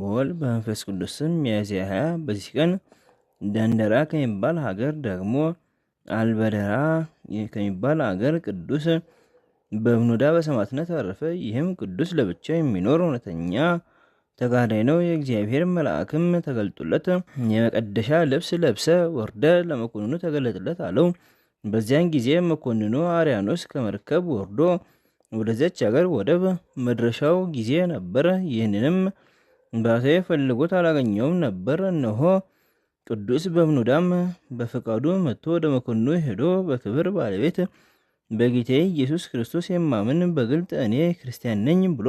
በወልድ በመንፈስ ቅዱስ ስም ሚያዝያ ሃያ በዚህ ቀን ደንደራ ከሚባል ሀገር ደግሞ አልበደራ ከሚባል ሀገር ቅዱስ በብኑዳ በሰማዕትነት አረፈ። ይህም ቅዱስ ለብቻ የሚኖር እውነተኛ ተጋዳይ ነው። የእግዚአብሔር መልአክም ተገልጦለት የመቀደሻ ልብስ ለብሰ ወርደ ለመኮንኑ ተገለጥለት አለው። በዚያን ጊዜ መኮንኑ አርያኖስ ከመርከብ ወርዶ ወደዚያች ሀገር ወደብ መድረሻው ጊዜ ነበር። ይህንንም ባሴ ፈልጎት አላገኘውም ነበር። እነሆ ቅዱስ በብኑዳም በፈቃዱ መጥቶ ወደ መኮንኑ ሄዶ በክብር ባለቤት በጌቴ ኢየሱስ ክርስቶስ የማምን በግልጥ እኔ ክርስቲያን ነኝ ብሎ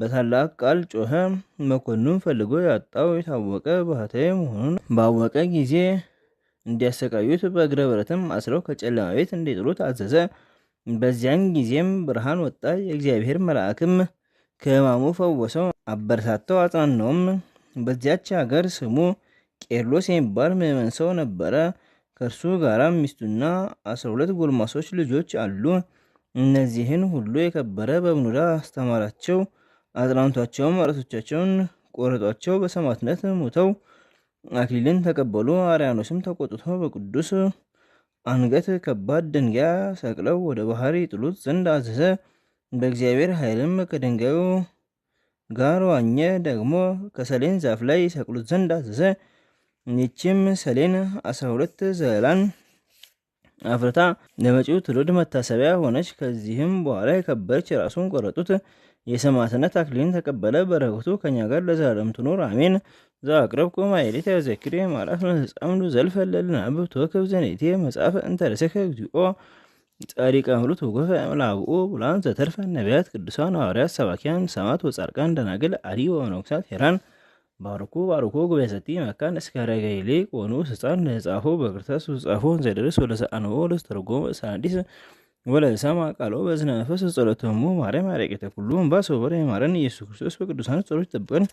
በታላቅ ቃል ጮኸ። መኮንኑም ፈልጎ ያጣው የታወቀ ባህታዊ መሆኑን ባወቀ ጊዜ እንዲያሰቃዩት በእግረ ብረትም አስረው ከጨለማ ቤት እንዲጥሉት አዘዘ። በዚያን ጊዜም ብርሃን ወጣ። የእግዚአብሔር መልአክም ከሕማሙ ፈወሰው፣ አበረታተው፣ አጽናናውም። በዚያች ሀገር ስሙ ቄርሎስ የሚባል ምዕመን ሰው ነበረ። ከእርሱ ጋር ሚስቱና አስራ ሁለት ጎልማሶች ልጆች አሉ። እነዚህን ሁሉ የከበረ በምኑዳ አስተማራቸው፣ አጽናንቷቸውም። ራሶቻቸውን ቆረጧቸው፣ በሰማዕትነት ሙተው አክሊልን ተቀበሉ። አርያኖስም ተቆጥቶ በቅዱስ አንገት ከባድ ድንጋይ ሰቅለው ወደ ባህር ይጥሉት ዘንድ አዘዘ። በእግዚአብሔር ኃይልም ከድንጋዩ ጋር ዋኘ። ደግሞ ከሰሌን ዛፍ ላይ ሰቅሉት ዘንድ አዘዘ። ይችም ሰሌን አስራ ሁለት ዘላን አፍርታ ለመጪው ትውልድ መታሰቢያ ሆነች። ከዚህም በኋላ የከበረች ራሱን ቆረጡት። የሰማዕትነት አክሊልን ተቀበለ። በረከቱ ከኛ ጋር ለዘላለም ትኑር አሜን። ዘአቅረብኩ ማኅሌተ ወዘኪሬ ማርያም ዘልፈ ለልነ አብብቶ ከብዘኔቴ መጽሐፈ እንተ ረሴከ እግዚኦ ጻድቃን ሁሉ ወገፈ ላብኡ ብላን ዘተርፈ ነቢያት ቅዱሳን ሐዋርያት ሰባኪያን ሰማት ወጻድቃን ደናግል አዲ ወነኩሳት ሄራን ባርኩ ባርኩ ጉባኤሰቲ መካን እስካረ ገይሌ ቆኑ ስፃን ንጻፎ በክርታስ ጻፎ ዘደረስ ወደ ሰአኖ ወደ ተርጎም ሳዲስ ወለ ሰማ ቃሎ በዝነ መንፈስ ጸሎተሙ ማርያም አረቀተ ሁሉ ባሶ ወሬ ማረን ኢየሱስ ክርስቶስ በቅዱሳን ጸሎት ይጠብቀን።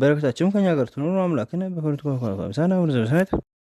በረከታቸውም ከኛ ጋር ትኑር። አምላክን በሁለት ኮንፈረንስ አና ወደ ዘመሳት